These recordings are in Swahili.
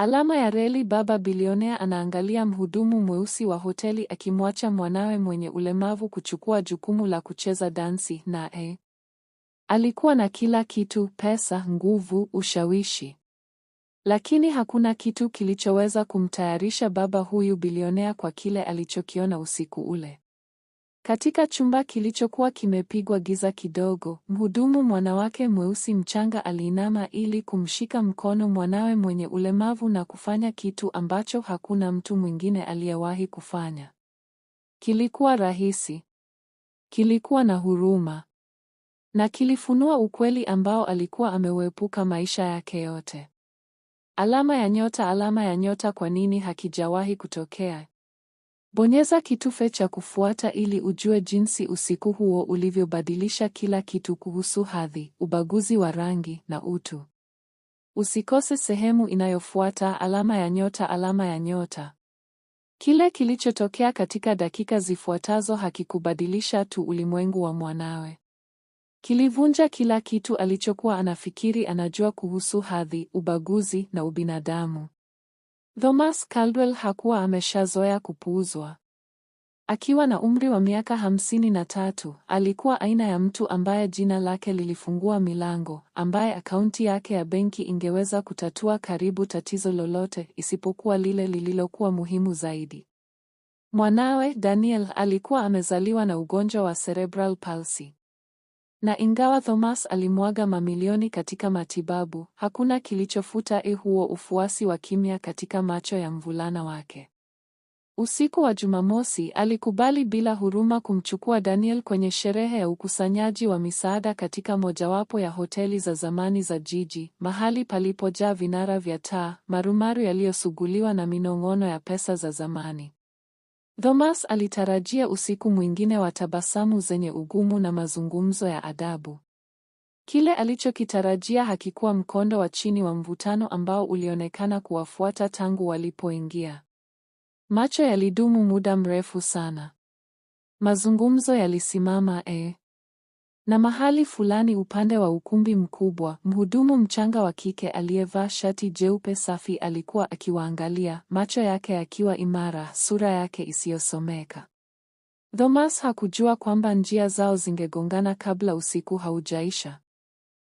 Alama ya reli. Baba bilionea anaangalia mhudumu mweusi wa hoteli akimwacha mwanawe mwenye ulemavu kuchukua jukumu la kucheza dansi e. Alikuwa na kila kitu: pesa, nguvu, ushawishi, lakini hakuna kitu kilichoweza kumtayarisha baba huyu bilionea kwa kile alichokiona usiku ule. Katika chumba kilichokuwa kimepigwa giza kidogo, mhudumu mwanawake mweusi mchanga aliinama ili kumshika mkono mwanawe mwenye ulemavu na kufanya kitu ambacho hakuna mtu mwingine aliyewahi kufanya. Kilikuwa rahisi. Kilikuwa na huruma. Na kilifunua ukweli ambao alikuwa ameuepuka maisha yake yote. Alama ya nyota, alama ya nyota, kwa nini hakijawahi kutokea? Bonyeza kitufe cha kufuata ili ujue jinsi usiku huo ulivyobadilisha kila kitu kuhusu hadhi, ubaguzi wa rangi na utu. Usikose sehemu inayofuata alama ya nyota alama ya nyota. Kile kilichotokea katika dakika zifuatazo hakikubadilisha tu ulimwengu wa mwanawe. Kilivunja kila kitu alichokuwa anafikiri anajua kuhusu hadhi, ubaguzi na ubinadamu. Thomas Caldwell hakuwa ameshazoea kupuuzwa. Akiwa na umri wa miaka hamsini na tatu, alikuwa aina ya mtu ambaye jina lake lilifungua milango, ambaye akaunti yake ya benki ingeweza kutatua karibu tatizo lolote isipokuwa lile lililokuwa muhimu zaidi. Mwanawe Daniel alikuwa amezaliwa na ugonjwa wa cerebral palsy. Na ingawa Thomas alimwaga mamilioni katika matibabu, hakuna kilichofuta e huo ufuasi wa kimya katika macho ya mvulana wake. Usiku wa Jumamosi alikubali bila huruma kumchukua Daniel kwenye sherehe ya ukusanyaji wa misaada katika mojawapo ya hoteli za zamani za jiji, mahali palipojaa vinara vya taa, marumaru yaliyosuguliwa na minong'ono ya pesa za zamani. Thomas alitarajia usiku mwingine wa tabasamu zenye ugumu na mazungumzo ya adabu. Kile alichokitarajia hakikuwa mkondo wa chini wa mvutano ambao ulionekana kuwafuata tangu walipoingia. Macho yalidumu muda mrefu sana. Mazungumzo yalisimama, eh. Na mahali fulani upande wa ukumbi mkubwa, mhudumu mchanga wa kike aliyevaa shati jeupe safi alikuwa akiwaangalia, macho yake yakiwa imara, sura yake isiyosomeka. Thomas hakujua kwamba njia zao zingegongana kabla usiku haujaisha.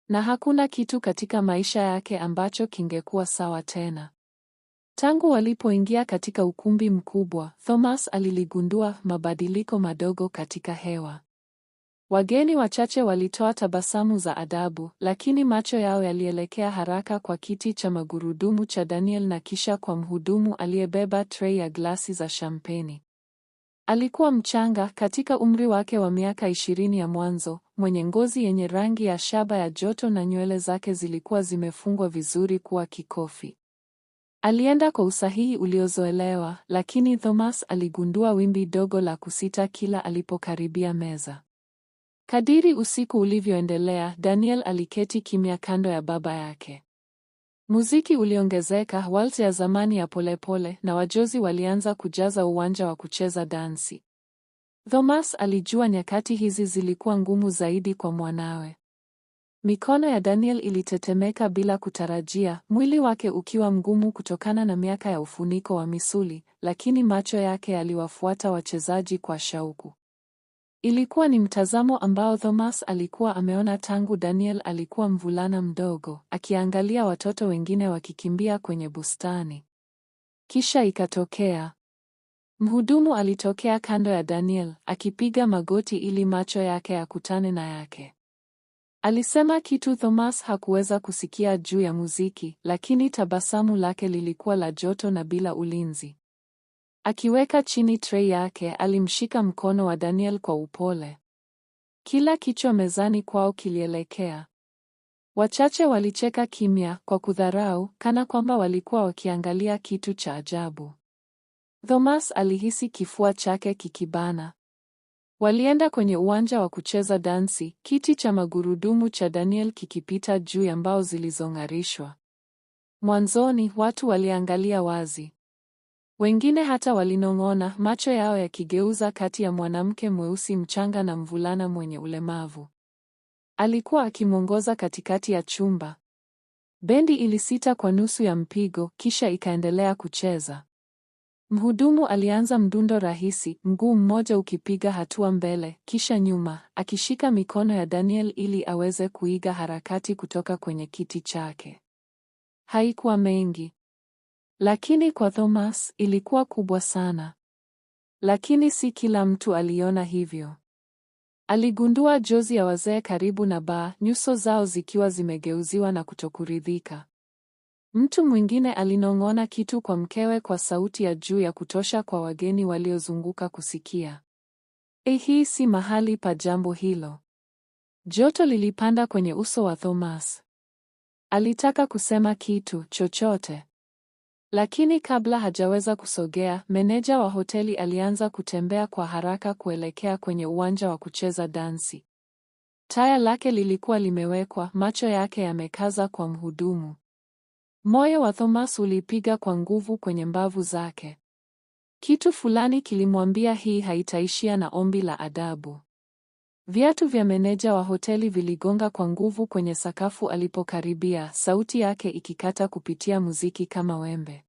Na hakuna kitu katika maisha yake ambacho kingekuwa sawa tena. Tangu walipoingia katika ukumbi mkubwa, Thomas aliligundua mabadiliko madogo katika hewa. Wageni wachache walitoa tabasamu za adabu, lakini macho yao yalielekea haraka kwa kiti cha magurudumu cha Daniel na kisha kwa mhudumu aliyebeba trei ya glasi za shampeni. Alikuwa mchanga katika umri wake wa miaka ishirini ya mwanzo, mwenye ngozi yenye rangi ya shaba ya joto na nywele zake zilikuwa zimefungwa vizuri kuwa kikofi. Alienda kwa usahihi uliozoelewa, lakini Thomas aligundua wimbi dogo la kusita kila alipokaribia meza. Kadiri usiku ulivyoendelea, Daniel aliketi kimya kando ya baba yake. Muziki uliongezeka, waltz ya zamani ya polepole na wajozi walianza kujaza uwanja wa kucheza dansi. Thomas alijua nyakati hizi zilikuwa ngumu zaidi kwa mwanawe. Mikono ya Daniel ilitetemeka bila kutarajia, mwili wake ukiwa mgumu kutokana na miaka ya ufuniko wa misuli, lakini macho yake yaliwafuata wachezaji kwa shauku. Ilikuwa ni mtazamo ambao Thomas alikuwa ameona tangu Daniel alikuwa mvulana mdogo, akiangalia watoto wengine wakikimbia kwenye bustani. Kisha ikatokea. Mhudumu alitokea kando ya Daniel, akipiga magoti ili macho yake yakutane na yake. Alisema kitu Thomas hakuweza kusikia juu ya muziki, lakini tabasamu lake lilikuwa la joto na bila ulinzi. Akiweka chini trei yake, alimshika mkono wa Daniel kwa upole. Kila kichwa mezani kwao kilielekea. Wachache walicheka kimya kwa kudharau, kana kwamba walikuwa wakiangalia kitu cha ajabu. Thomas alihisi kifua chake kikibana. Walienda kwenye uwanja wa kucheza dansi, kiti cha magurudumu cha Daniel kikipita juu ya mbao zilizong'arishwa. Mwanzoni watu waliangalia wazi. Wengine hata walinong'ona, macho yao yakigeuza kati ya mwanamke mweusi mchanga na mvulana mwenye ulemavu. Alikuwa akimwongoza katikati ya chumba. Bendi ilisita kwa nusu ya mpigo, kisha ikaendelea kucheza. Mhudumu alianza mdundo rahisi, mguu mmoja ukipiga hatua mbele kisha nyuma, akishika mikono ya Daniel ili aweze kuiga harakati kutoka kwenye kiti chake. Haikuwa mengi. Lakini kwa Thomas ilikuwa kubwa sana. Lakini si kila mtu aliona hivyo. Aligundua jozi ya wazee karibu na baa, nyuso zao zikiwa zimegeuziwa na kutokuridhika. Mtu mwingine alinong'ona kitu kwa mkewe kwa sauti ya juu ya kutosha kwa wageni waliozunguka kusikia. Eh, hii si mahali pa jambo hilo. Joto lilipanda kwenye uso wa Thomas. Alitaka kusema kitu chochote. Lakini kabla hajaweza kusogea, meneja wa hoteli alianza kutembea kwa haraka kuelekea kwenye uwanja wa kucheza dansi. Taya lake lilikuwa limewekwa, macho yake yamekaza kwa mhudumu. Moyo wa Thomas ulipiga kwa nguvu kwenye mbavu zake. Kitu fulani kilimwambia hii haitaishia na ombi la adabu. Viatu vya meneja wa hoteli viligonga kwa nguvu kwenye sakafu alipokaribia, sauti yake ikikata kupitia muziki kama wembe.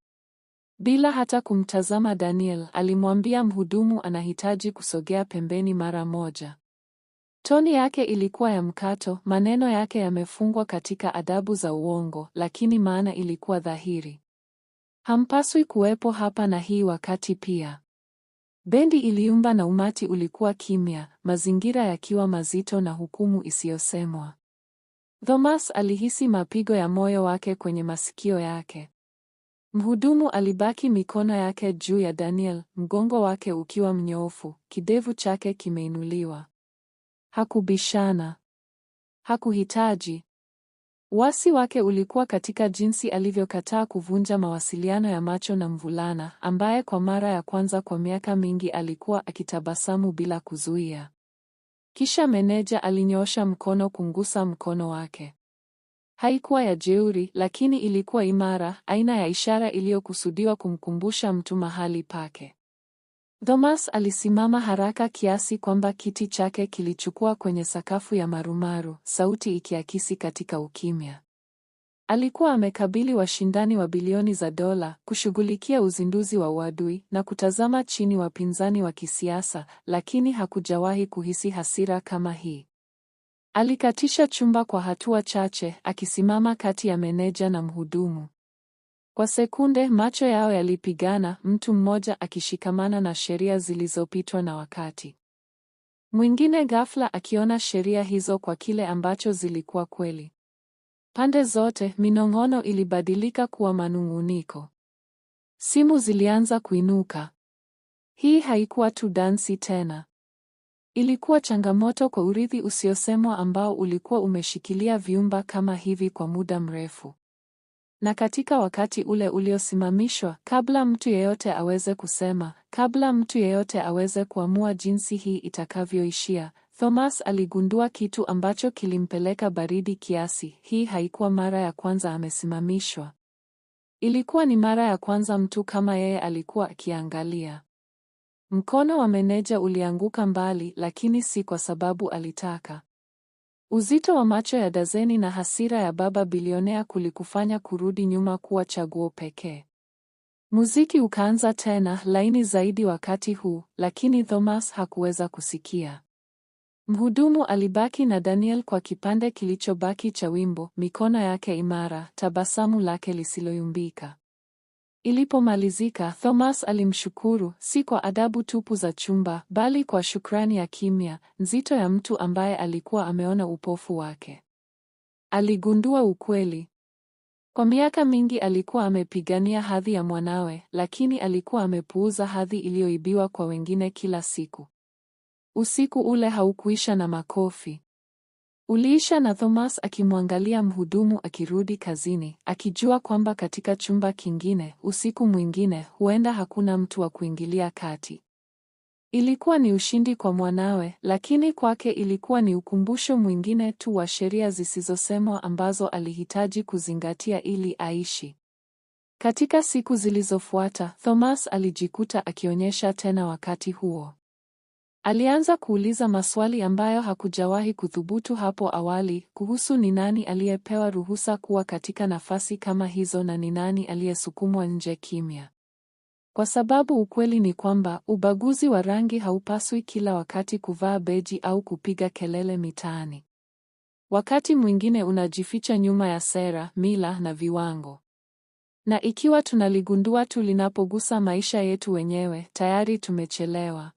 Bila hata kumtazama Daniel, alimwambia mhudumu anahitaji kusogea pembeni mara moja. Toni yake ilikuwa ya mkato, maneno yake yamefungwa katika adabu za uongo, lakini maana ilikuwa dhahiri. Hampaswi kuwepo hapa na hii wakati pia. Bendi iliumba na umati ulikuwa kimya, mazingira yakiwa mazito na hukumu isiyosemwa. Thomas alihisi mapigo ya moyo wake kwenye masikio yake. Mhudumu alibaki mikono yake juu ya Daniel, mgongo wake ukiwa mnyoofu, kidevu chake kimeinuliwa. Hakubishana. Hakuhitaji. Wasi wake ulikuwa katika jinsi alivyokataa kuvunja mawasiliano ya macho na mvulana ambaye kwa mara ya kwanza kwa miaka mingi alikuwa akitabasamu bila kuzuia. Kisha meneja alinyoosha mkono kungusa mkono wake. Haikuwa ya jeuri, lakini ilikuwa imara, aina ya ishara iliyokusudiwa kumkumbusha mtu mahali pake. Thomas alisimama haraka kiasi kwamba kiti chake kilichukua kwenye sakafu ya marumaru, sauti ikiakisi katika ukimya. Alikuwa amekabili washindani wa bilioni za dola, kushughulikia uzinduzi wa uadui na kutazama chini wapinzani wa kisiasa, lakini hakujawahi kuhisi hasira kama hii. Alikatisha chumba kwa hatua chache, akisimama kati ya meneja na mhudumu. Kwa sekunde macho yao yalipigana, mtu mmoja akishikamana na sheria zilizopitwa na wakati, mwingine ghafla akiona sheria hizo kwa kile ambacho zilikuwa kweli. Pande zote minong'ono ilibadilika kuwa manung'uniko. Simu zilianza kuinuka. Hii haikuwa tu dansi tena. Ilikuwa changamoto kwa urithi usiosemwa ambao ulikuwa umeshikilia vyumba kama hivi kwa muda mrefu na katika wakati ule uliosimamishwa, kabla mtu yeyote aweze kusema, kabla mtu yeyote aweze kuamua jinsi hii itakavyoishia, Thomas aligundua kitu ambacho kilimpeleka baridi kiasi. Hii haikuwa mara ya kwanza amesimamishwa. Ilikuwa ni mara ya kwanza mtu kama yeye alikuwa akiangalia. Mkono wa meneja ulianguka mbali, lakini si kwa sababu alitaka. Uzito wa macho ya dazeni na hasira ya baba bilionea kulikufanya kurudi nyuma kuwa chaguo pekee. Muziki ukaanza tena, laini zaidi wakati huu, lakini Thomas hakuweza kusikia. Mhudumu alibaki na Daniel kwa kipande kilichobaki cha wimbo, mikono yake imara, tabasamu lake lisiloyumbika. Ilipomalizika, Thomas alimshukuru, si kwa adabu tupu za chumba, bali kwa shukrani ya kimya, nzito ya mtu ambaye alikuwa ameona upofu wake. Aligundua ukweli. Kwa miaka mingi alikuwa amepigania hadhi ya mwanawe, lakini alikuwa amepuuza hadhi iliyoibiwa kwa wengine kila siku. Usiku ule haukuisha na makofi. Uliisha na Thomas akimwangalia mhudumu akirudi kazini, akijua kwamba katika chumba kingine, usiku mwingine, huenda hakuna mtu wa kuingilia kati. Ilikuwa ni ushindi kwa mwanawe, lakini kwake ilikuwa ni ukumbusho mwingine tu wa sheria zisizosemwa ambazo alihitaji kuzingatia ili aishi. Katika siku zilizofuata, Thomas alijikuta akionyesha tena wakati huo. Alianza kuuliza maswali ambayo hakujawahi kuthubutu hapo awali kuhusu ni nani aliyepewa ruhusa kuwa katika nafasi kama hizo na ni nani aliyesukumwa nje kimya. Kwa sababu ukweli ni kwamba ubaguzi wa rangi haupaswi kila wakati kuvaa beji au kupiga kelele mitaani. Wakati mwingine unajificha nyuma ya sera, mila na viwango. Na ikiwa tunaligundua tu linapogusa maisha yetu wenyewe, tayari tumechelewa.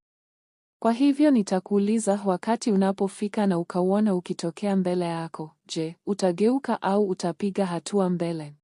Kwa hivyo nitakuuliza wakati unapofika na ukauona ukitokea mbele yako, je, utageuka au utapiga hatua mbele?